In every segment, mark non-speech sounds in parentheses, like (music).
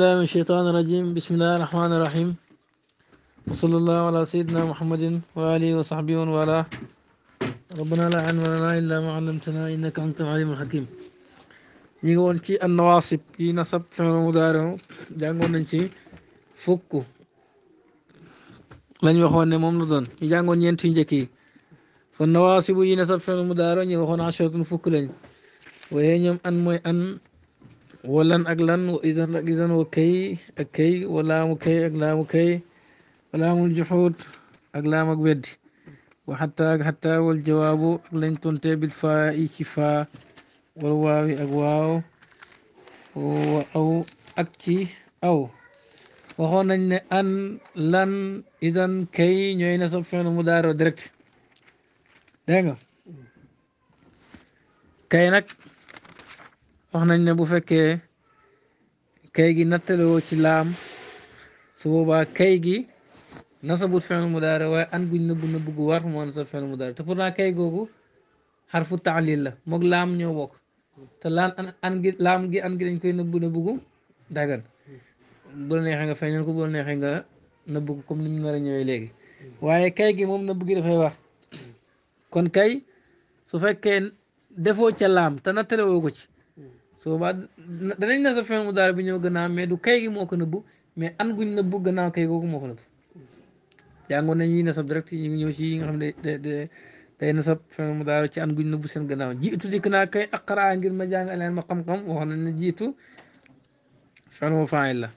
الله من الشيطان الرجيم بسم الله الرحمن الرحيم وصلى الله على سيدنا محمد وآله وصحبه وآله ربنا لا علم لنا إلا ما علمتنا إنك أنت العليم الحكيم يقول شيء النواصب كي نصب فعل مضارع جانقون نشي فكو لن يخون نموم لدن يقول جانقون ينتين جكي فالنواصب ينصب في المدارة يخون عشرة فكو لن وهي أن موي أن walan ak lan wa isan ak isan wa kay ak kay wa laamu kay ak laamu kay wa laamul juxuud ak laam ak weddi wa xata ak xata jawaabu ak lañ tontee bil faa i ci faa wal waawi ak waaw ak ci aw waxoon nañ ne an lan isan kay ñooy na sob fi'l mudaari direct dégg kay nag waxna ne bu fekke kay gi natelo ci lam su boba kay gi nasabut fen mu daare waaye an guñ nëbbu nëbbu gu war mo nasab fen mu daare te pourtant kay gogu harfu ta'lil la mok lam ño bok te lan an gi lam gi an gi dañ koy nëbbu nëbbu gu dagan bu la neexee nga feeñal ko bu la neexee nga nëbbu ko comme ni mara nar a waye kay gi moom nëbbu gi da fay wax kon kay su fekke defo ci lam te natelo ko ci su boobaa danañ na sa fen mu daal bi ñëw gannaaw mais du kay gi moo ko nëbbu mais an guñ nëbbu gannaaw kay googu moo ko nëbbu jàngoon nañ ñuy nasab direct ñu ngi ñëw ci yi nga xam ne day day nasab fen mu daal ci an guñ nëbbu seen gannaaw jiitu dikk naa kay aqara ngir ma jàng aleen ma xam kam wax nañ na jiitu fen mu faayil la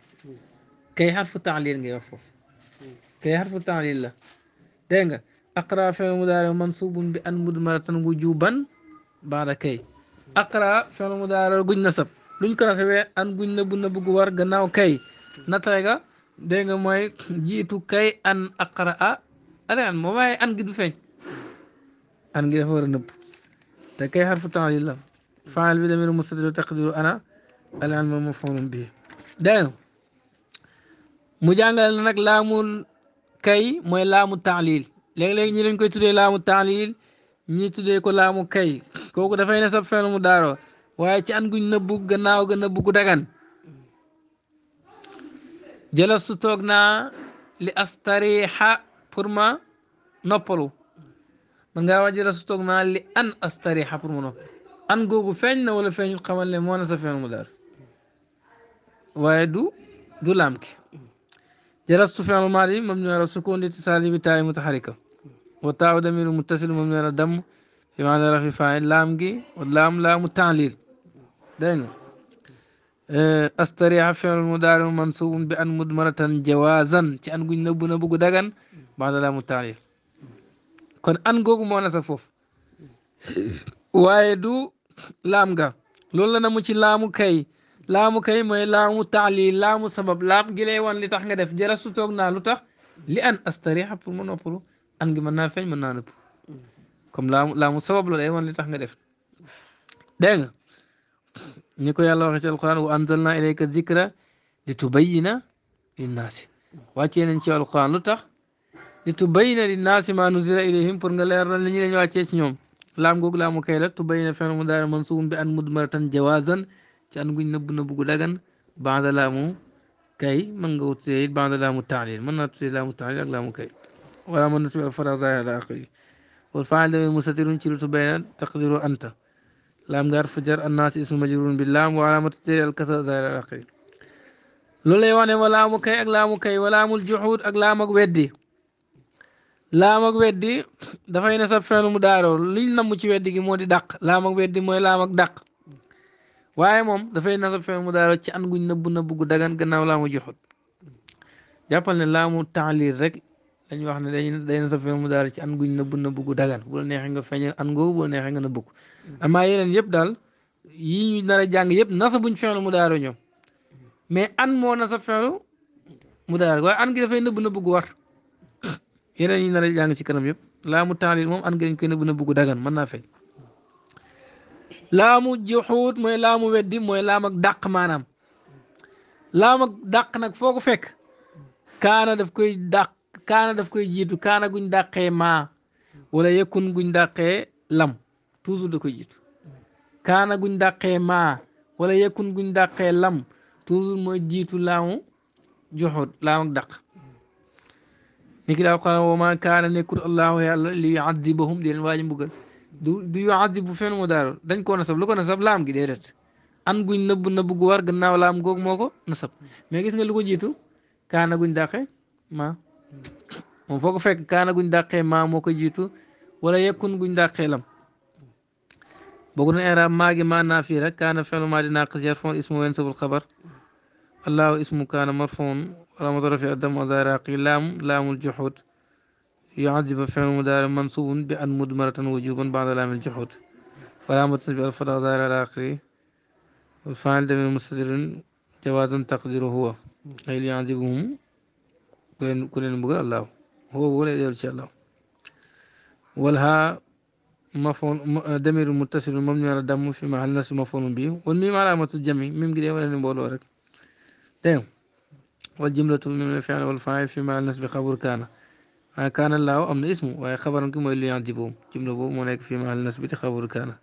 kay xarfu taalil ngay wax foofu kay xarfu taalil la dégg nga a fen mu daal mansuubun bi an mudmaratan wujuban baada kay aqra fi'l mudaari guñ nasab luñ ko nasabee an guñ na bu na gannaaw kay natay ga dégg nga mooy jiitu kay an aqra a ah, alaan moo waaye an gi feeñ an gi dafa war a nëbb kay xarfu ta'lil la faal bi damiir mustatir taqdiru ana alaan moom maf'uulun bihi dégg nga mu jàngale nag laamul kay mooy laamu ta'lil léeg-léeg ñi lañ koy tuddee laamu ta'lil ñi tuddee ko laamu kay kooku dafay ne sab fen mu daaroo waaye ci an guñ nëbbu gannaaw ga nëbbu gu dagan jëlastu toog naa li astariha pour ma noppalu man ngaa wax toog naa li an astariha pour ma noppalu an googu feeñ na wala feeñul xamal ne moo na sa mu daar waaye du du laam ki jëlastu fen maadi moom ñu war a sukkoon di tisaali bi taay mutaharika wa damiru muttasil moom ñu war fi maanaam rafi faa'il laam gi laam laamu ta'lil dégg nga astariha fi'l mudaari mansuubun bi an mudmaratan jawaazan ci an guñ nëbbu na bugg dagan ba'da laamu ta'lil kon an googu moo na sa foofu waaye du laam ga loolu la na mu ci laamu kay laamu kay mooy laamu ta'lil laamu sabab laam gi lay wan li tax nga def jëlaat su toog naa lu tax li an astariha pour mu noppalu an gi mën naa feeñ mën naa nëpp comme laamu laamu sabab la day wan li tax nga def dégg nga ni ko yàlla waxee ci alquran wa anzalna ilayka zikra li tubayyina linnaasi wàccee nañ ci alquran lu tax li tubayyina linnaasi ma nuzila ilayhim pour nga leer li ñu leen wàccee ci ñoom laam googu laamu kay la tubayyina fen mu daara mansuubun bi an mudmaratan jawaazan ci an guñ nëbb nëbb gu dagan baada laamu kay mën nga wutee baada laamu taalil mën naa laamu taalil ak laamu kay wala man nasbi والفاعل مستتر شلت بين تقدير أنت لام جار فجر الناس اسم مجرور باللام وعلامة تجري الكسر زائر الآخرين loolu lay wax ne wa laamu kay ak laamu kay wa laamul juxuut ak laam ak weddi laam ak weddi dafay ne sa fenn mu daaroo liñ namm ci weddi gi moo di dàq laam ak weddi mooy laam ak dàq waaye moom dafay ne sa fenn mu daaroo ci an guñ nëbbu nëbbu gu dagan gannaaw laamu juxuut jàppal ne laamu taalil rek dañuy wax ne dañuy dañuy na sa feeñ mu daal ci an guñ nëbb nëbb gu dagan bu la neexee nga feeñal an googu bu la nga nëbb ko amaa yeneen yëpp daal yii ñu nar a jàng yëpp nasa buñ feeñlu mu daaro ñoom mais an moo nasa feeñlu mu daaro waaye an gi dafay nëbb nëbb gu war yeneen yi nar a jàng ci kanam yëpp laa mu moom an gi dañ koy nëbb nëbb gu dagan mën naa feeñ laamu juxuut mooy laamu weddi mooy laam ak dàq maanaam laam ak dàq nag foo fekk kaana daf kaana daf koy jiitu kaana guñ dàqee maa wala yëkkun guñ dàqee lam toujours da koy jiitu kaana guñ dàqee maa wala yëkkun guñ dàqee lam toujours mooy jiitu laamu joxut laam ak dàq ni ki daaw xana wa ma kaana nekkul yàlla li yuadibahum di leen waaji du du yuadib bu fen mu daarol dañ ko nasab lu ko nasab laam gi déedéet an guñ nëbb nëbb gu war gannaaw lam googu moo ko nasab mais gis luko jiitu kaana guñ dàqee maa moom foo ko fekk kaana guñ dàqee maa moo ko jiitu wala yekkun guñ dàqee lam boo ko doon i'raab maa gi maa naa fii rek kaana fi'lu maadi naaqis yarfa'u ismu wa yansibu al-xabar allahu ismu kaana marfuun alamatu rafi adam azaraqi laam laamul juxud yuazibu fi'lu mudaari mansuubun bi an mudmaratan wujuban ba'da laamil juxud walaamatu nasbi al-fatxa azaraqi والفاعل ضمير مستتر جوازا تقديره هو أي يعذبهم kulen mbugal allahu هو ولا إن شاء الله والها مفعول ضمير متصل مبني على الضم في محل نصب مفعول به والميم علامة الجمع ميم كده ولا نقول ورك تمام والجملة من الفعل والفاعل في محل نصب خبر كان كان الله أمن اسمه وهي خبر كما اللي يعذبهم جملة بو منك في محل نصب خبر كان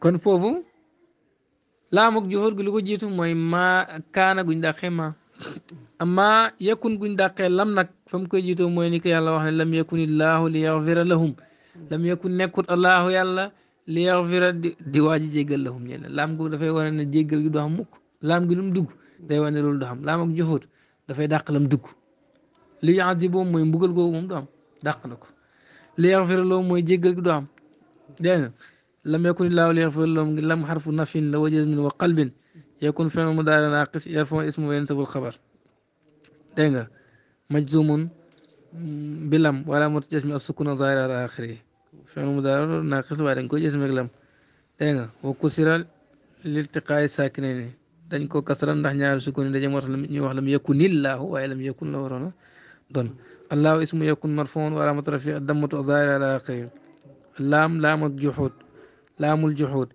كن فوفو لا مك جهور جلو جيتو ما كان جندا خيمه amma yakun guñ dàqee lam nag fa mu koy jiitoo mooy ni ko yàlla wax ne lam yakun illaahu li yaxfira lahum lam yakun nekkut allaahu yàlla li yaxfira di waa ji jéggal lahum ñeen laam googu dafay wane ne jéggal gi du am mukk laam gi lu mu dugg day wane loolu du am laam ak joxóot dafay dàq lam dugg li yaadi mooy mbugal googu moom du am dàq na ko li yaxfira lahum mooy jéggal gi du am dégg lam yakun illaahu li yaxfira lahum lam xarfu nafin la wajaz min wa qalbin يكون فعل مضارع ناقص يرفع اسمه وينسب الخبر دنگا مجزوم بلم ولا مرتجم السكون ظاهر على آخره فعل مضارع ناقص بعدين كو جسم لم دنگا وكسر لالتقاء الساكنين dañ ko kasran ndax ñaari sukun dañu wax lam ñu wax lam yakunillahu waaye lam yakun la waroon don allahu ismu yakun marfuun wa alamatu rafi addamatu zahira ala axirin laam laamul juxuud laamul juxuud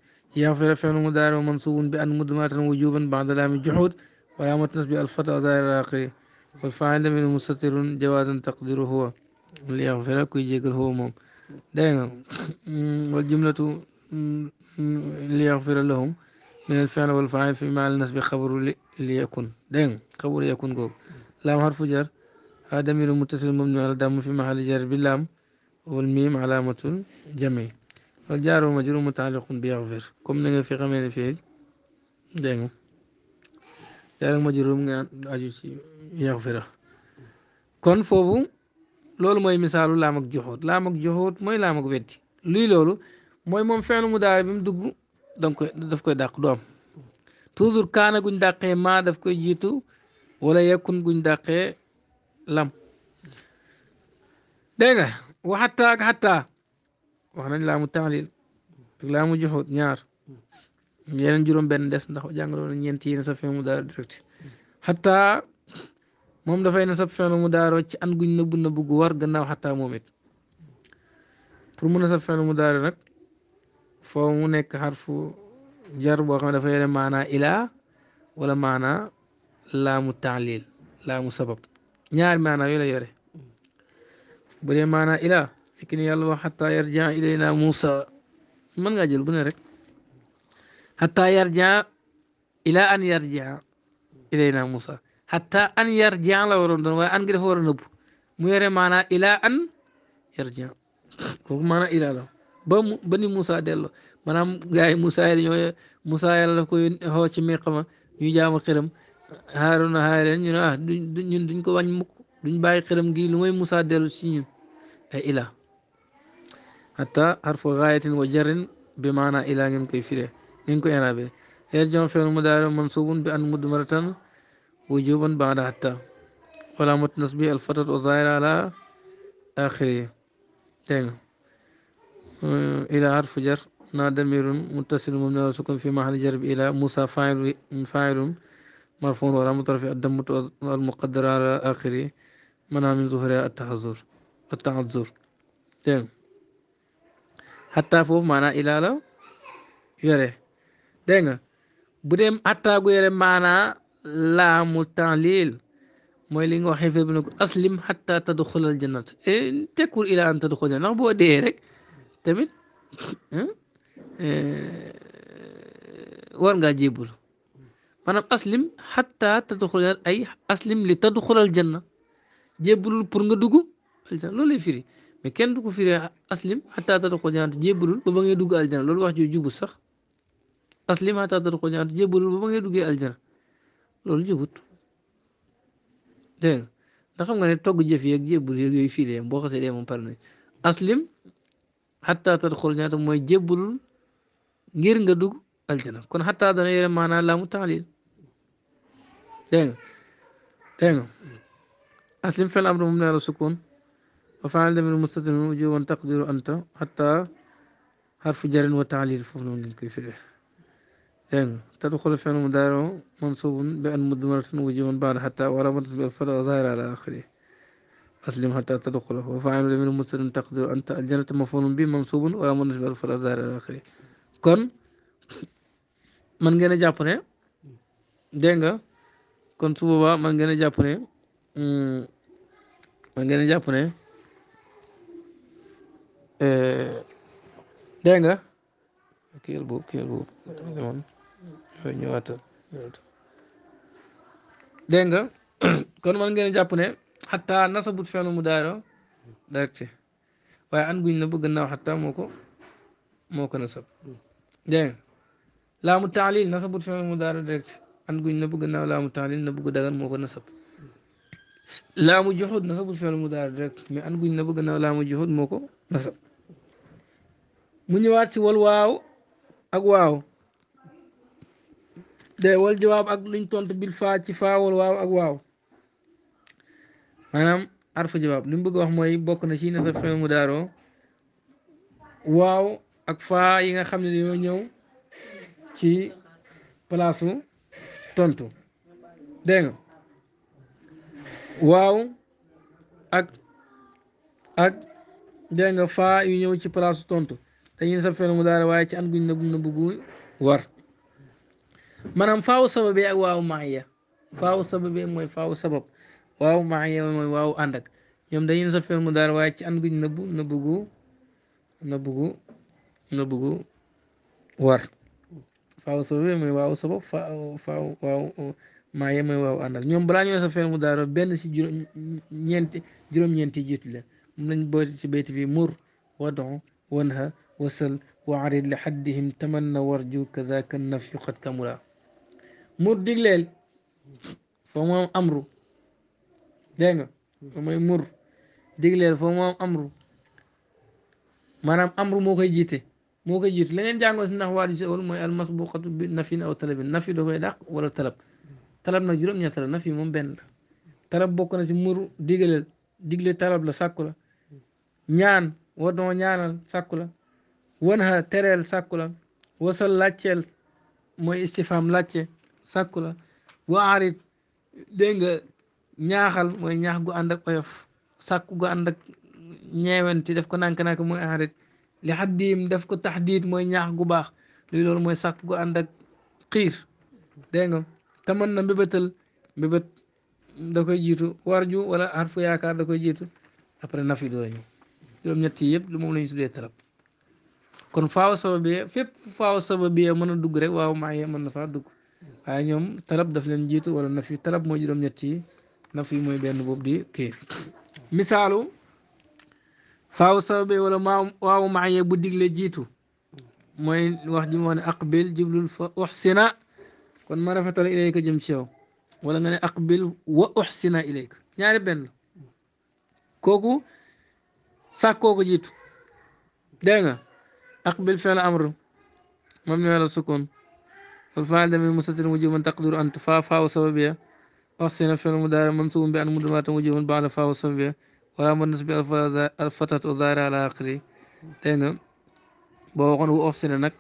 يغفر فعل مضارع ومنصوب بأن مدمرة وجوبا بعد لام الجحود ولا نصب بألفت أذار الآخر والفاعل من مستتر جواز تقديره هو ليغفر كي جيكل هو موم دائما (clears throat) والجملة ليغفر لهم من الفعل والفاعل في معنى النسب خبر ليكن دائما خبر يكون جوب لام حرف جر هذا من المتصل مبني على دم في محل جر باللام والميم علامة الجميع wal jaaru majruur mutaalliqun bi yaxfir comme ni nga fi xamee ne fii dégg nga jaaru majruur nga aju ci yaxfira kon foofu loolu mooy misaalu laam ak joxoot laam ak joxoot mooy laam ak weddi loolu mooy moom feenu mu daara bi mu dugg da koy daf koy dàq doom am toujours kaana guñ dàqee maa daf koy jiitu wala yekkun guñ dàqee lam dégg nga waxataa xataa wax nañ laamu taalil ak laamu joxut ñaar yeneen juróom-benn des ndax jàngaloon ñeent yi nasab mu mudaari direct xataa moom dafay nasab mu mudaari ci an guñ nëbbu nëbbu gu war gannaaw xataa moom it pour mu nasab mu mudaari nag foo mu nekk xarfu jar boo xam ne dafa yore maanaa ilaa wala maanaa laamu taalil laamu sabab ñaar maanaa yooyu la yore bu dee maanaa ilaa lakin yàlla wax xataa yarja ilayna Muusa mën ngaa jël bu ne rek xataa yarja ila an yarja ilayna la waroon doon waaye an gi dafa war a mu yore maanaa ila an yarja kooku maanaa ila la ba mu ba ni Muusa delloo maanaam gars yi Muusa yi dañoo Muusa yàlla daf koy ci miqama ñu jaama xiram Haaruna Haaruna ñu ne ah duñ duñ ko wàññi mukk duñ bàyyi xiram gi lumay mooy Muusa dellu si ñun ay ila hatta harfu gaayatin wa jarrin bi maana ilaa ngeen koy firee ngeen koy iraabe yarji'u fi'lun mudaari'un mansuubun bi an mudmaratan wujuuban ba'da hatta wala nasbi alfatatu wa zaahira ala aaxiri dégg nga ilaa harfu jar na damirun muttasilun mabniyun ala sukun fi mahalli jar bi ilaa Muusaa faa'ilun مرفوع وعلامة رفعه الضمة المقدرة على آخره منع من ظهورها التحذر التعذر تمام hatta fofu mana ilaa la yore dégg nga bu dee xattaa gu yore maanaa laamu taalil mooy li nga waxe febnu aslim hatta tadkhul al jannat tekur ila an tadkhul jannat bo de rek tamit war nga jibul manam aslim hatta tadkhul ay aslim li tadkhul al janna jébulul pour nga duggu loolu firi mais kenn du ko firee aslim xataa tadxul jannata jébbalul ba ba ngay dugg aljana loolu wax jubut sax aslim xataa tadxul jannata jébbalul ba ba ngay duggee aljana loolu jubut dégg nga nga ne togg jëf yeeg jébbal yeeg yooyu fii de boo xasee dee pare nañ aslim xataa tadxul jannata mooy jébbalul ngir nga dug aljana kon xataa dana yore maanaa laamu taalil dégg nga dégg nga aslim fil amri moom nee la sukkoon وفعل من المستثنى من أن تقدر أنت حتى حرف جر وتعليل فنون noonu lañ koy تدخل في مضارع منصوب بأن مدمرة وجوبا بعد حتى ورمت بالفتح ظاهرة على آخره أسلم حتى تدخل وفعل من المستثنى تقدر أنت الجنة مفعول به منصوب ورمت بالفتح ظاهرة على آخره kon من ngeen a دينغا ne dégg من kon su من man ngeen dégg nga kiyel nga (coughs) kon man ngeen jàpp ne xataa nasabut fenn mu daaro direct waaye an guñ na bëgg naaw xataa moo ko moo ko nasab dégg nga laamu taalil nasabut fenn mu daaro direct an guñ na bëgg naaw laamu taalil na bëgg dagan moo ko nasab laamu joxut nasabut fenn mu daaro direct mais an guñ na bëgg naaw laamu joxut moo ko nasab mu ñëwaat si wal waaw ak waaw de wal jawaab ak luñ tontu bil faa ci faa wal waaw ak waaw maanaam arfa jawaab li mu bëgg wax mooy bokk na ci na fe mu daaroo waaw ak faa yi nga xam ne dañoo ñëw ci palaasu tontu dégg nga waaw ak ak dégg nga faa yu ñëw ci palaasu tontu dañuy saf fenn mu daara waaye ci an guñ na gum na buggu war maanaam faawu sabab ak mooy faawu sabab waaw maaya mooy waaw ànd ñoom dañuy saf fenn waaye ci an guñ na bu na buggu na buggu na buggu war ñoom balaa ñoo saf fenn mu daara benn si juróom ñeenti juróom-ñeenti jiitu la moom lañ booti mur wadon wanha wasal waarid li xaddihim tamanna warju kazaka nafyu xat kamula mur digleel foo moom amru dégg foo mooy mur digleel foo moom amru maanaam amru koy jiite moo koy jiite la ngeen jàngoo si ndax waa ji awal mooy almasbuqatu da wala talab talab nag juróom-ñett la nafi moom benn la talab bokk na si mur digleel digle talab la sàkku la ñaan war doo ñaanal sàkku la wan ha tereel sàkku la wasal mooy istifam laajte sàkku la wa arit dégg nga ñaaxal mooy ñaax gu ànd ak oyof sàkku gu ànd ak ñeewenti def ko nànk-nànk mooy arit li xaddiim def ko taxdiid mooy ñaax gu baax lii loolu mooy sàkku gu ànd ak xiir dégg nga te mën na mbébétal mbébét da koy jiitu warju wala xarfu yaakaar da koy jiitu après nafi doo ñëw juróom-ñett yi yëpp lu moom la ñu tuddee kon faaw sababiya fépp faaw sababiya mën a dugg rek waaw maa yee mën na faa dugg waaye ñoom tarab daf leen jiitu wala naf yi mooy juróom-ñett yi naf yi mooy benn boobu di kii misaalu faaw sababiya wala maa waaw maa yee bu digle jiitu mooy wax ji ma wax ne aqbil jiblul fa uxsina kon ma rafetal ilayka jëm ci yow wala nga ne aqbil wa uxsina ilayka ñaari benn kooku sàkkoo ko jiitu dégg nga أقبل فعل أمر مبني على السكون والفاعل ضمير مستتر وجوبا تقدر أن تفا فا وسببها أحسن فعل مضارع منصوب بأن مضمرة وجوبا بعد فا وسببها ولا بالنسبة الفتاة وزارة على آخره تينا boo waxoon wu ofsina nag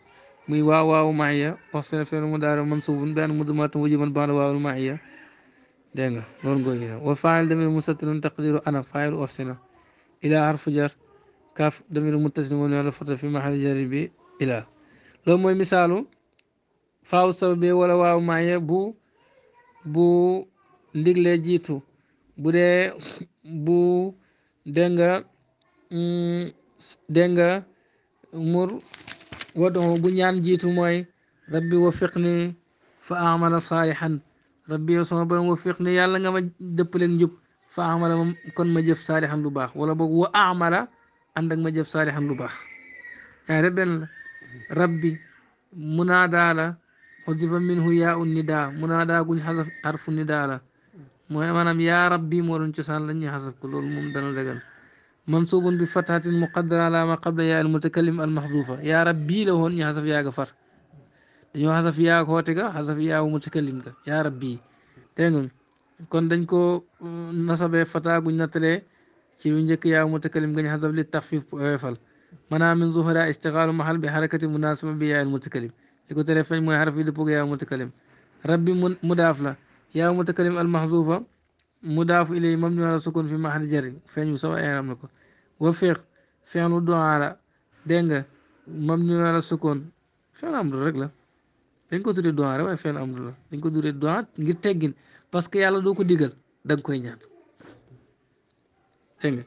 muy waaw waawu maxiya ofsina fen mudaara mansuubun benn mudmaatun wujuban ba'da waawul maxiya dégg nga noonu ngooy wa faa'il damir mustatirun taqdiru ana faa'il ofsina ila harfu jar kaaf damiru muttasil moom yàlla fata fi maxali jari ilaa loolu mooy misaalu faaw sababi wala waaw maaye bu ndigle jiitu bu dee bu dégg mm, nga mur bu ñaan jiitu mooy rabbi wafiqni fa amala saalihan rabbi yow sama borom wafiqni yàlla nga ma dëppaleeg njub fa amala kon ma jëf saalihan lu baax wala boog wa amala ànd ak ma jëf saalixan lu baax ñaare benn la rabbi munaadaa la xusifa minhu yaa un nidaa munaadaa guñ xasaf xarfu nidaa la mooy maanaam yaa rabbi moo doon cosaan la ñuy xasaf ko loolu moom dana dagan mansuubun bi fathatin muqaddara ala ma qabla yaa al mutakallim al maxduufa yaa rabbi la woon ñu xasaf yaa ga far dañoo xasaf yaa xoote ga xasaf yaa wu mutakallim ga yaa rabbi dégg nga kon dañ ko nasabee fataa guñ nattalee شي وين يا متكلم غني حضر للتخفيف ويفل منا من ظهر اشتغال محل بحركة مناسبة بيا المتكلم لكو تلفن ما يعرف يدبوك يا متكلم ربي مدافلا يا متكلم المحذوفة مداف إلي مبني على سكون في محل جر فين يسوى يا أملكو وفيق فين الدعاء على دينغ مبني على سكون فين أمر الرجلة دينكو تري الدعاء رواي فين أمر دينكو تري الدعاء غير تجين بس كي على دوكو ديجل دم كوين dégg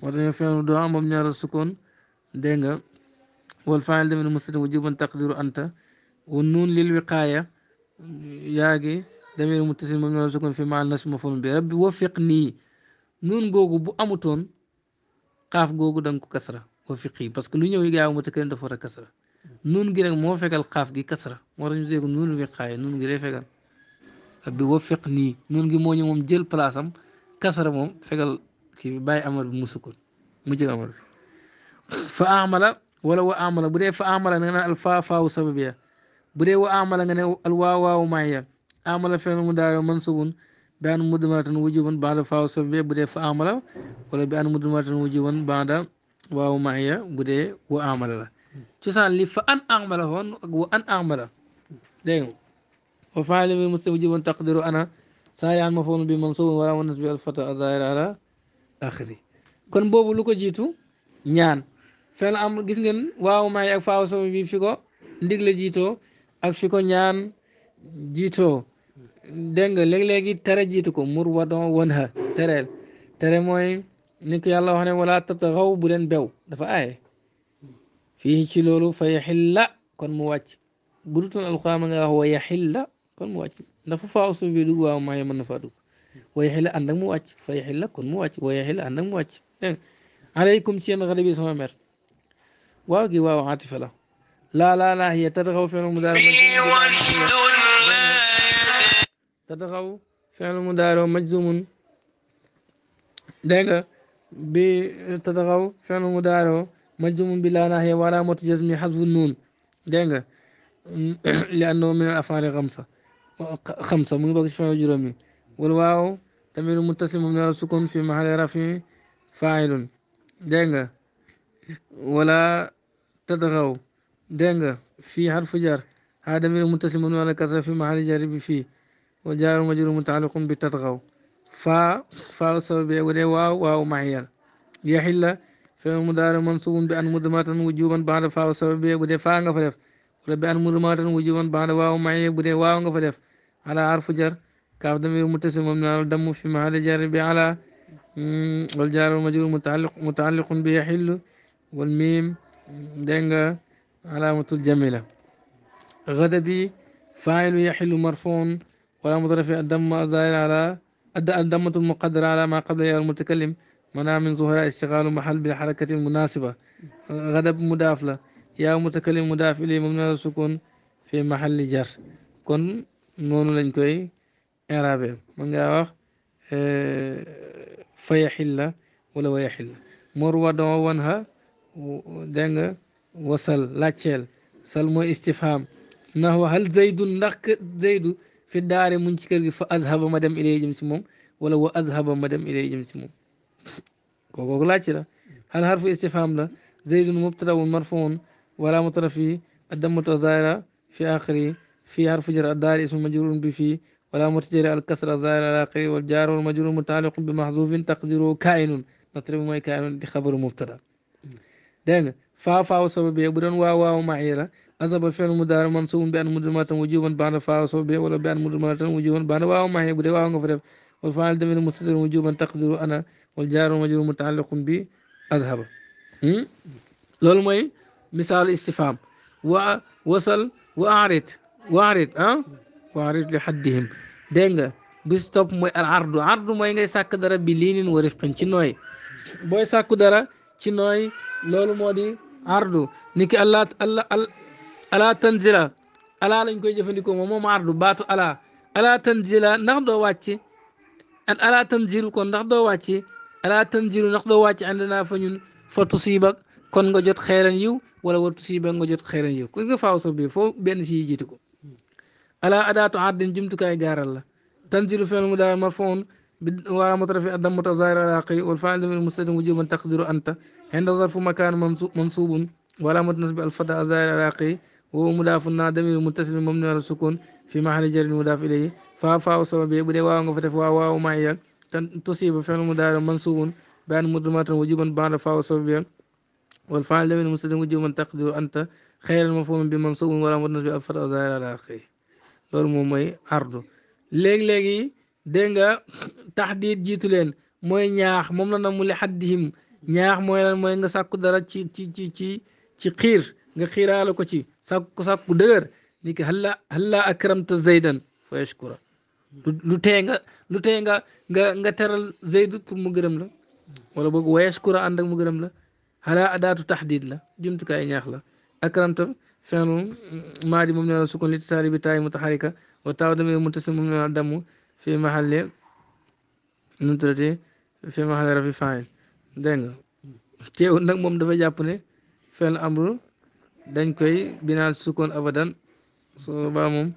nga moo tax ñu fi'lu du'aa moom ñaar sukkoon dégg nga wal faa'il damin muslim wujuban taqdiru anta wa nuun lil wiqaaya yaa gi damir muttasil moom ñaar sukkoon fi maal nas maf'uul bi rabbi wafiqnii nuun googu bu amutoon xaaf googu da nga ko kasra wafiqii parce que lu ñëw gaaw ma tëkkale dafa war a kasra nuun gi nag moo fegal xaaf gi kasra moo tax ñu dégg nuun wiqaaya nuun gi day fegal rabbi wafiqnii nuun gi moo ñëw moom jël place am kasra moom fegal. kii bàyyi amal bi mu sukun mujjëg amal bi fa amala wala wa amala bu dee fa amala nga ne alfaafaawu sababiya bu dee wa amala nga ne alwaawaawu maaya amala fen mu daaro mansubun bi an mudmaratan wujuban baada faawu sababiya bu dee fa amala wala bi an mudmaratan wujuban baada waawu maaya bu dee wa amala la cosaan li fa an amala hoon ak wa an amala dégg nga wa faali bi mustawjiban taqdiru ana saari an mafoon bi mansuubun wala wanas bi alfata azaira ala axri kon boobu lu ko jiitu ñaan fenn am gis ngeen waaw maay ak faaw sama bi fi ko ndigle jiitoo ak fi ko ñaan jiito dégg nga léeg-léegi tere jiitu ko mur wadon won ha tere mooy ni ko yàlla wax ne wala tatagaw bu leen bew dafa aaye fii ci loolu fa yaxilla kon mu wàcc bu dutoon alxuraan nga wax wa yaxilla kon mu wàcc ndax fu faaw bi dugg waaw maay mën na dugg ويحل عندك مواج فيحل لك مواج ويحل عندك مواج إيه. عليكم شيء غريب اسمه مر واجي واو لا لا لا لا هي تدغو فعل المضارع تدغو فعل المضارع مجزوم دعنا ب تدغو فعل المضارع مجزوم بلا نهي ولا متجزم حذف النون دعنا لأنه من الأفعال الخمسة خمسة مو بقى فعل جرمي والواو تميل متصل مبني على السكون في محل رفع فاعل دنجا ولا تطغوا دنجا في حرف جر هذا من متصل مبني على الكسر في محل جر في وجار مجرور متعلق بتطغوا فا فا سبب واو واو معيار يحل في مضارع منصوب بأن مضمرة وجوبا بعد فا سبب ولا فا غفلف ولا بأن مضمرة وجوبا بعد واو معيار ولا واو غفلف على حرف جر كاف متسم من الدم في محل جر على والجار المجرور متعلق متعلق بيحل والميم دنجا علامة الجملة غدبي فاعل يحل مرفوع ولا مضرف الدم الظاهر على الدمة المقدرة على ما قبل المتكلم منع من ظهر اشتغال محل بالحركة المناسبة غدب مضاف له يا متكلم مضاف إليه ممنوع السكون في محل جر كن نون لنكوي i'rabeem mën ngaa wax fa yaxilla wala wa yaxilla mor wadoo wan ha dégg nga wasal laajteel sal mooy istifham ndax wa hal zaydun ndax zaydu fi daare mun ci kër gi fa azhaba ma dem ilay jëm si moom wala wa azhaba ma dem ilay jëm si moom kooku laajte la hal harfu istifham la zaydun mubtadaun marfuun wala mutrafi الدمة الظاهرة في آخره في حرف جر الدار اسم مجرور به ولا متجر الكسر زائر على آخره والجار والمجرور متعلق بمحذوف تقديره كائن نطلب ما كائن خبر مبتدا دائما فا فا وسبب بدون واو واو معيرة أصاب الفعل المضارع منصوب بأن مدمرة وجوبا بعد فا وسبب ولا بأن مدمرة وجوبا بعد واو معيرة بدون واو مفرد والفاعل ضمير مستدر وجوبا تقدر أنا والجار والمجرور متعلق به أذهب لول مي مثال استفهام و وصل وأعرض وأعرض wa arit وارج لحدهم دينغا بستوب موي العرض عرض موي غي ساك دارا بلينين ورفقن تي نوي بوي ساك دارا تي نوي لول مودي عرض نيكي الله الله الله تنزل الا لنج كوي جيفانديكو مو مو عرض باتو الا الا تنزل ناخ دو واتي ان الا تنزل كون ناخ دو واتي الا تنزل ناخ دو واتي عندنا فنون فتصيبا كون غا جوت خيرن يو ولا ورتصيبا غا جوت خيرن يو كو غا فاوسو بي فو بن سي جيتكو ألا أداة عرض جمتك إيجار الله تنزل فعل مدار مرفوع وعلى مطرف الدم متظاهر على عقلي من المستلزم وجوبا تقدر أنت عند ظرف مكان منصوب ولا متنسب الفتى الظاهر على عقلي وهو مضاف نادم متصل مبني على السكون في محل جر مضاف إليه فافا وسبب إيه؟ بدي واو فتف واو معي تصيب فعل مدار منصوب بأن مضمات وجوبا بعد فا وسبب إيه؟ والفاعل من المستلزم وجوبا تقدر أنت خير المفهوم بمنصوب ولا متنسب الفتى الظاهر على loolu moom mooy ardu léegi-léegi dégg nga taxdiit jiitu leen mooy ñaax moom la na mu li xaddihim ñaax mooy na mooy nga sàkku dara ci ci ci ci ci xiir nga xiiraale ko ci sàkku sàkku dëgër ni ki halla halla akramta zaydan yashkura lu tee nga nga teral zaydu pour mu gërëm la wala boog wa yashkura ànd ak mu gërëm la xalaa adaatu taxdiit la jumtukaay ñaax la akramta فعل ماضي مبني على سكون الاتصال بتاء متحركة والتاء ضمير متصل مبني على الضم في محل نطرتي في محل رفع فاعل dégg nga teewul nag moom dafa jàpp ne fenn amru dañ koy binaal sukkoon abadan su boobaa moom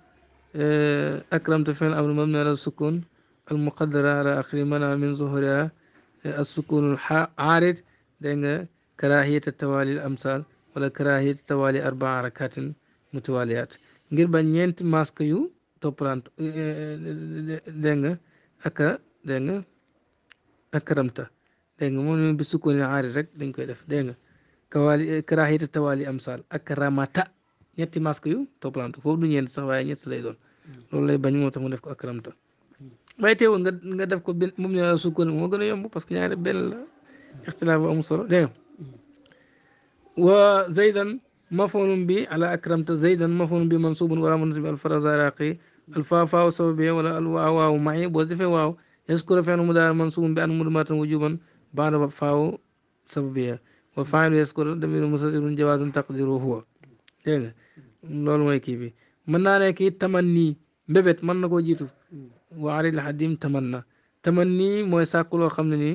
akramtu fenn amru moom nee la sukkoon al muqaddara ala axiri mana min zuhuriha as sukkoonul xaarit dégg nga karaahiyata tawalil amsal wala karaahiya ci tawaali arbaa arakatin mutawaliyaat ngir bañ ñeenti masque yu toppalante dégg nga ak dégg nga ak karamta dégg nga moom bi sukkoon aari rek dañ koy def dégg nga kawaali karaahiyata tawaali amsaal ak ramata ñetti masque yu toppalante foofu du ñeent sax waaye ñett lay doon loolu lay bañ moo tax mu def ko ak karamta waaye teewul nga nga def ko benn moom ñaar sukkoon moo gën a yomb parce que ñaari benn la ixtilaaf bu amul solo dégg nga وزيدا مفعول به على أكرمت زيدا مفعول به منصوب ولا منصب الفرز عراقي الفاء فاء سببية ولا الواو واو معي وظيفة واو يذكر فعل مضارع منصوب بأن مرمات وجوبا بعد فاء سببية وفاعل يذكر ضمير مستتر جواز تقديره هو لول nga loolu mooy kii bi mën naa nekk it tamanni mbébét mën na تمني jiitu wa alil xadim tamanna tamanni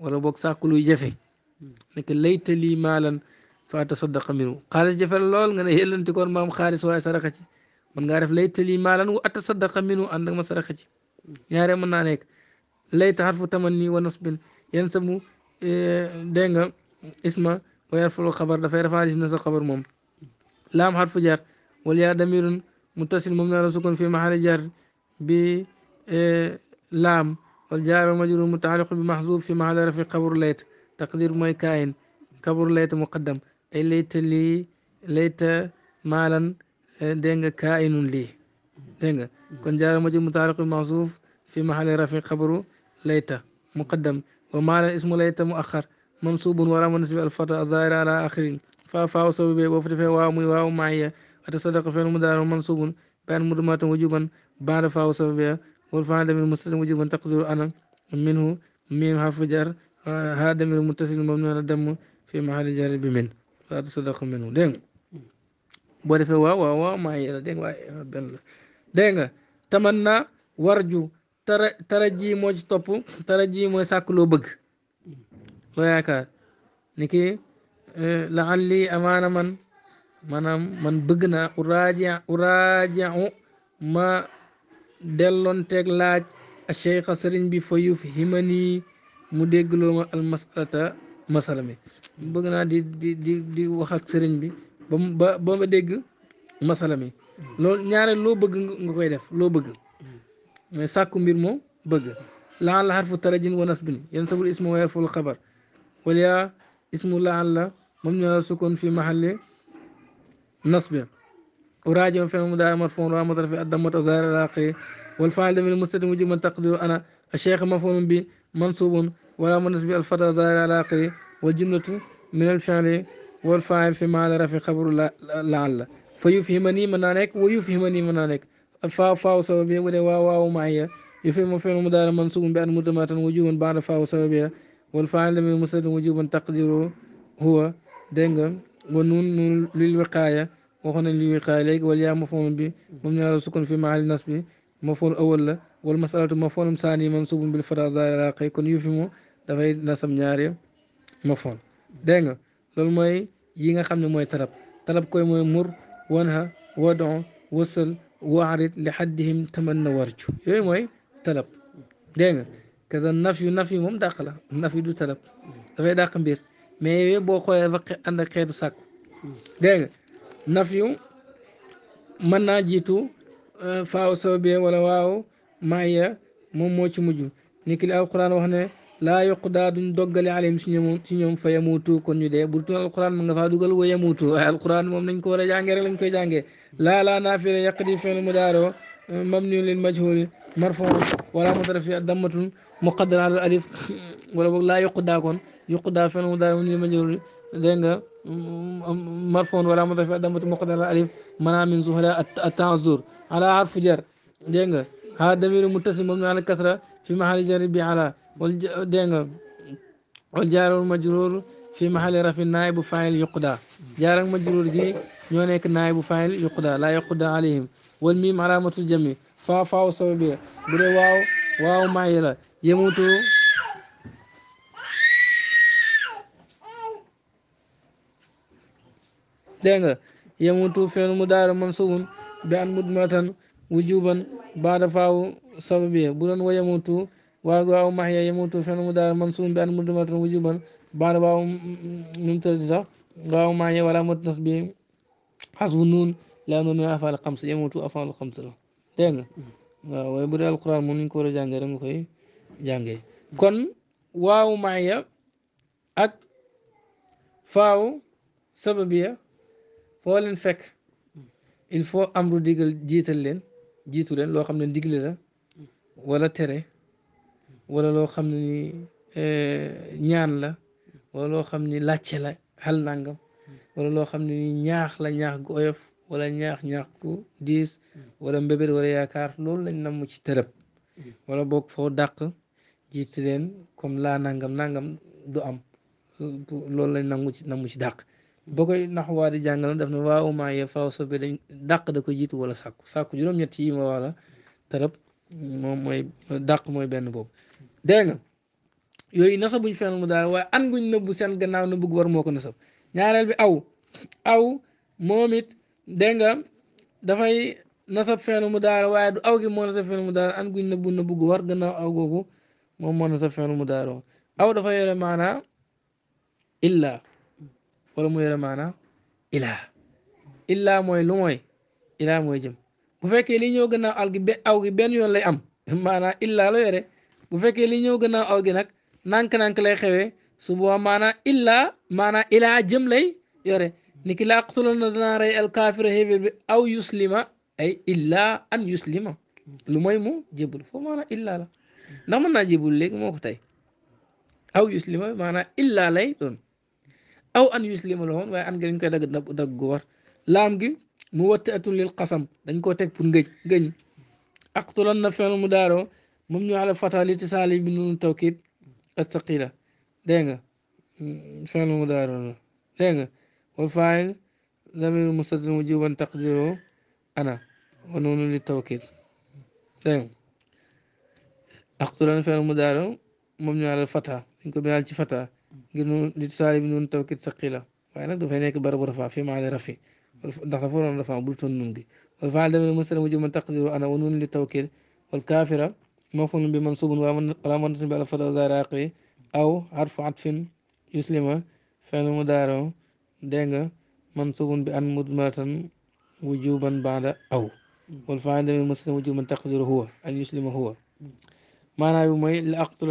ولا بوك loo xam nekk layta lii maalan fa atasaddaqa minhu xaalis jafe la lool nga ne yellanti koon maam xaalis waaye saraxa ci mën ngaa def layta lii maalan wa atasaddaqa minhu ànd ak ma saraxa ci ñaaree mën naa nekk layta xarfu tamanni wa nasbin yan sabu dégg nga isma wa yarfulu xabar dafay rafaa isma sa xabar moom laam xarfu jaar wala yaa damirun muttasil moom naa la sukkoon fi maxali jaar bi laam wal jaar majrur mutaaliq bi maxzuuf fi maxali rafi xabaru layta تقدير موي كاين كبر ليت مقدم اي ليت لي ليت مالا آه، دينغ كائن لي دينغ كون جار مجي متعلق موصوف في محل رفع خبر ليت مقدم ومالا اسم ليت مؤخر منصوب ورا منصب الفتى الظاهر على اخرين فا فا وصوب وفر في واو واو معي اتصدق في المدار منصوب بان مدمات وجوبا بعد فا وصوب والفعل من مستلم وجوبا تقدر انا منه ميم حرف جر haa damir muttasil moom noonu dem fi mahalli jarri bi min faatu sadaqa minhu dégg nga defee waaw waaw waaw maa yéla dégg tamanna warju tara ji moo ci ji mooy sàkk loo bëgg loo yaakaar ni ki la an amaana man maanaam man bëgg naa uraaji uraaji ma delloon teeg laaj a cheikha sëriñ bi fa yuf himani mu déggloo ma al masalata masala mi bëgg naa di di di di wax ak sëriñ bi ba mu ba ba ma dégg masala mi loolu ñaareel loo bëgg nga koy def loo bëgg mais sàkku mbir moom bëgg laan la xarfu tarajin wa nasbin yan sabul ismu wa yarful xabar wala yaa ismu laan la moom ñu sukkoon fi mahalli nasbi وراد فعل مضارع مرفوع وعلامة رفعه الضمة الظاهرة العاقلة والفاعل ضمير مستتر مجيب من تقدير أنا الشيخ مفهوم به منصوب ولا منصب الفرد ظاهر على آخره والجملة من الفعل والفاعل في معنى رفع خبر لعل فيفهمني من عليك ويفهمني من عليك الفاء فاء سببية ولا واو واو معية يفهم فعل مدار منصوب بأن مدمرة وجوبا بعد فاء سببية والفاعل من مسلم وجوبا تقديره هو دنجم ونون نون للوقاية وخنا للوقاية ليك واليا مفهوم به مبني على السكون في معنى النصب مفهوم أول والمسألة مفهوم ثاني منصوب بالفراء العراقي كن يفهمو دا فاي نسم نياري مفهوم دينغ لول موي ييغا خامني موي طلب طلب كوي موي مور وانها ودع وصل وعرض لحدهم تمنى ورجو يوي موي طلب دينغ كذا النفي نفي موم داخلا النفي دو طلب دا فاي داخ مبير مي يوي بو خوي فك اند خيت ساك دينغ نفيو من جيتو آه، فاو سببيه ولا واو maaya mom mo ci muju niki alquran wax ne la yuqdaa duñ doggale alayhim si ñoom ci ñoom fa yamuutu kon ñu de bu tu alquran nga fa dugal wa yamuutu alquran mom nañ ko wara jange rek lañ koy jange la la naafira yaqdi fi'lu mudaaro mabni lil majhuli marfuu wala mutarafi dammatun muqaddar ala alif wala boog laa kon yuqda fi'lu mudaaro mabni lil majhuli nga marfuu wala mutarafi dammatun muqaddar ala alif mana min zuhla at-ta'zur ala harfu jar dégg nga هادمير متسم من على كثرة في محل جربي على والدينغ والجار المجرور في محل رفي النائب فاعل يقدا جار المجرور جي نيونيك نائب فاعل يقدا لا يقدا عليهم والميم علامة الجميع فا فا وسببية بري واو واو مايلا يموتوا دينغ يموتوا في المدار منصوب بأن مدمتن وجوبا بعد فاو سببيه بدون ويموت واغوا او محيا يموت فن مدا منصوم بان مدمر وجوبا بعد واو نمتر جزا غاو معي ولا موت نصبي حسب النون لا نون افعل خمس يموت افعل خمس لا دين واي بري القران مون نكور جانغي رنگ خوي جانغي كون واو معي اك فاو سببيه فولن فك il faut amru digal jital len jiitu leen loo xam ne ndigle la wala tere wala loo xam ne eh, ñaan la wala loo xam ne làcce la xal nangam wala loo xam ne ñaax la ñaax gu oyof wala ñaax ñaax ku diis wala mbébét wala yaakaar loolu lañ namm ci tërëb wala boog foo dàq jiitu leen comme laa nangam nangam du am loolu lañ nangu ci namu ci dàq boo koy naxwaa di jàngal daf ne waa uma ye faaw sobe dañ da ko jiitu wala sàkku sàkku juróom-ñett yi ma wax la moom mooy daq mooy benn boobu dégg yooyu nasa buñ fenn mu daal waaye an guñ nëbbu seen gannaaw bugg war moo ko bi aw aw nga dafay nasab mu daal waaye du aw gi moo nasab fenn mu daal an guñ nëbbu na bugg war gannaaw aw googu moom moo nasab mu daal aw ولا موي رمانا الى الا موي لو موي الى موي جيم بو اللي لي نيو غنا الغي بي اوغي بن يون لاي ام مانا الا لو يري بو اللي لي نيو غنا اوغي نك نانك نانك لاي خيوي سبو مانا الا مانا الى جيم لاي يري نيكي لا قتلنا نار الكافر هيفي او يسلم اي الا ان يسلم لو موي مو جيبول فو مانا الا لا نامنا جيبول ليك موكو تاي او يسلم مانا الا لاي دون او ان يسلم لهون واي ان غن كاي دغ دغ غور لام غي موتئه للقسم دنج كو تك بور غي غن اقتلن فعل مدار مم على فتاليت سالي بن توكيد الثقيله دنج فعل مدار دنج وفاعل لم المستدل وجوبا تقديره انا ونون للتوكيد دنج اقتلن فعل مدار مم على الفتح دنج كو بنال فتح لتسالي لتساوي بنون توكيد ثقيلة وعنقد فهناك ضرب رفع في ما على رفي دخل فورا رفع بلتون النون والفعل دم المسلم وجب من تقدر أنا ونون للتوكيد والكافرة مفهوم بمنصوب ولا منصوب على فضل ظاهر عقلي أو عرف عطف يسلم فعل مدار دينغ منصوب بأن مضمرة وجوبا بعد أو والفعل دم المسلم من تقدر هو أن يسلم هو معنى بمي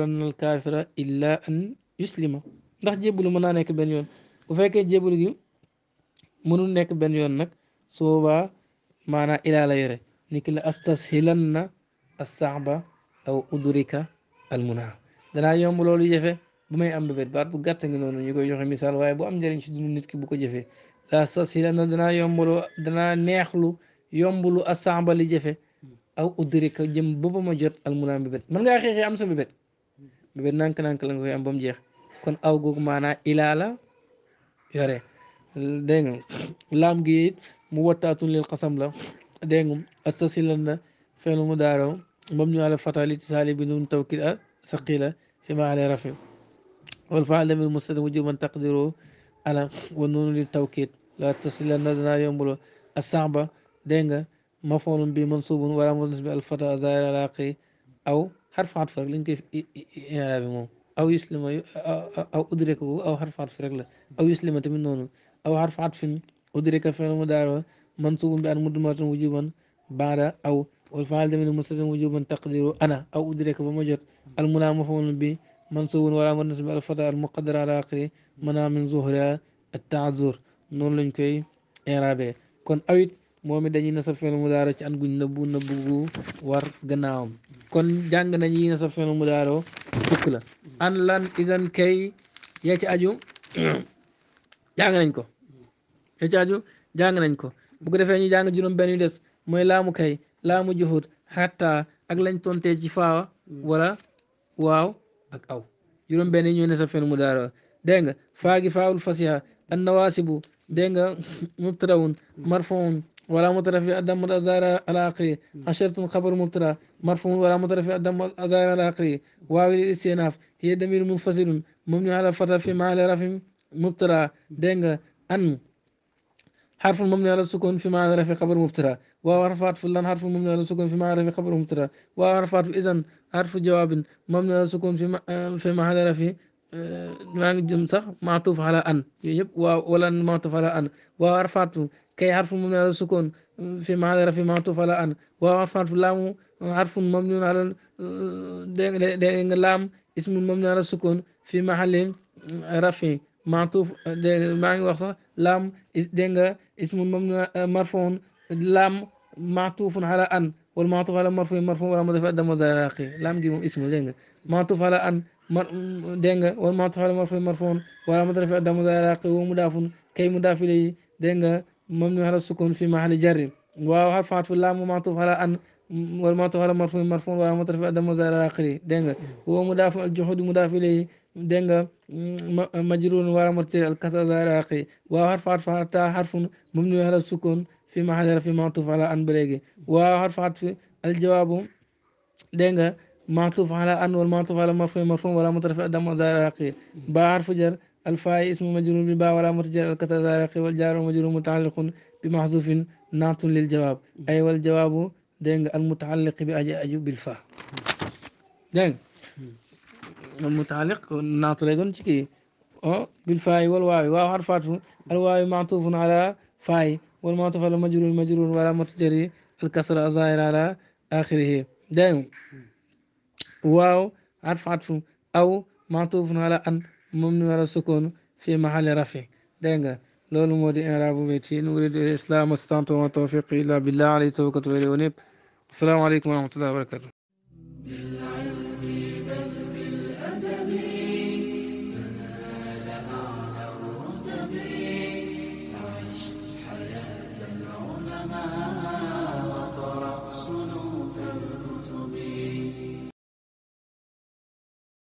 أن الكافرة إلا أن yuslima ndax jébbalu mën naa nekk benn yoon bu fekkee jébbalu gi mënul nekk benn yoon nag su boobaa maanaa ilaa la yore ni ki la astashilanna assaaba aw udrika almunaa danaa yomb loolu jafe bu may am bébét baat bu gàtt ngi noonu ñu koy joxe misaal waaye bu am njëriñ ci dund nit ki bu ko jëfee la astashilanna danaa yombaloo danaa neexlu yomblu assaaba li jafe aw udrika jëm ba ba ma jot almunaa bébét mën ngaa xeexee am sa bébét ba nank nank la nga koy am ba mu jeex kon aw googu maanaa ilaa la yore dégg nga laam gi mu wattaatun lil xasam la dégg nga astasilan mu daaraw bam ñu àla fatali ci saali bi saqila fi ma ale rafi wal faal damir mustad wujuban taqdiru ala wa nuunu li tawkid la tasilan na danaa yombuloo asamba dégg nga bi mansubun wala munas bi alfata zaira laqi aw حرف عطف رجلين كيف يلعب مو أو يسلم أو أدركه أو حرف عطف رجله أو يسلم تمنون أو حرف فين أدرك فعل مضارع منصوب بأن مدمرة وجوبا بعد أو والفعل ده من المستلزم وجوبا تقديره أنا أو أدرك بمجر المنام مفعول به منصوب ولا منصب الفتى المقدر على آخره منام من ظهرها التعذر نور لنكي إعرابي كن أويت moom it dañuy nasab fi'l mudaari ci an guñ nëbbu nëbbu gu war gannaawam kon jàng nañ yi nasab fi'l mudaari lan izan kay yaa (coughs) aju jàng nañ ko yaa ci nañ ko bu defee ñu jàng juróom benn yu des mooy laamu kay laamu juhut xatta ak lañ tontee ci faawa wala waaw ak aw juróom benn yi ñooy nasab fi'l mudaari dégg faagi faawul fasiha an nawaasibu dégg nga (coughs) mubtada'un marfu'un ولا مطرف أدم الأزار العقلي عشرة خبر مبتدا مرفوع ولا مطرف أدم الأزار العقلي واو الاستئناف هي دمير منفصل مبني على فتح في محل رفع مبتدا دنگ أن حرف مبني على السكون في معنى رفع خبر مبتدا وحرف عطف اللان حرف مبني على السكون في معنى رفع خبر مبتدا وحرف عطف إذن حرف جواب مبني على السكون في آه، في محل رفع maa ngi jëm sax maatuuf ala an yooyu yëpp waa wala maatuuf كي حرف من على السكون في محل رفع معطوف على أن وعرف حرف اللام عرف مبني على دين اللام اسم مبني على السكون في محل رفي معطوف معي وقت لام دينغا اسم مبني مرفوع لام معطوف على أن والمعطوف على مرفوع مرفوع ولا مضيف أدم وزير أخي لام جيم اسم دينغا معطوف على أن مر والمعطوف على مرفوع مرفوع ولا مضيف أدم وزير أخي ومضاف كي مضاف إليه دينغا مبني على السكون في محل جر واو حرف عطف لا معطوف على ان والمعطوف على مرفوع مرفوع ولا مطرف ادم مزار اخره دنگ هو مضاف الجحود مضاف اليه دنگ مجرور ولا مرتر الكسر زار اخره واو حرف عطف تا حرف مبني على السكون في محل رفع معطوف على ان بريغي واو حرف عطف الجواب دنگ معطوف على ان والمعطوف على مرفوع مرفوع ولا مطرف ادم مزار اخره با حرف جر الفاء اسم مجرور بالباء ولا مرجع الكسر والجار مجرور متعلق بمحذوف نعت للجواب أي والجواب دين المتعلق بأجي أجو بالفاء دين المتعلق نعت لدون تشكي بالفاء والواو واو حرفاته الواو معطوف على فاء والمعطوف على مجرور مجرور ولا مرجع الكسر الظاهر على آخره دين واو حرف عطف أو معطوف على أن mom على السكون sukun fi رفع rafi denga lolou modi di be ci métti in uridu islam astantu wa tawfiqi illa billahi alayhi tawakkaltu wa ilayhi unib asalaamaaleykum wa rahmatullahi wa barakatuh